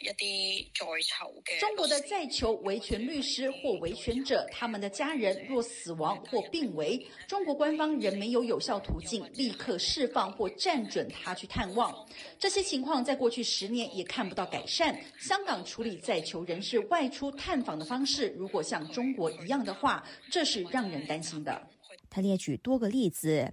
一啲在囚嘅，中國的在囚維權律師或維權者，他們的家人若死亡或病危，中國官方仍沒有有效途徑立刻釋放或站准他去探望。這些情況在過去十年也看不到改善。香港處理在囚人士外出探訪的方式，如果像中國一樣的話，這是讓人擔心的。他列舉多個例子。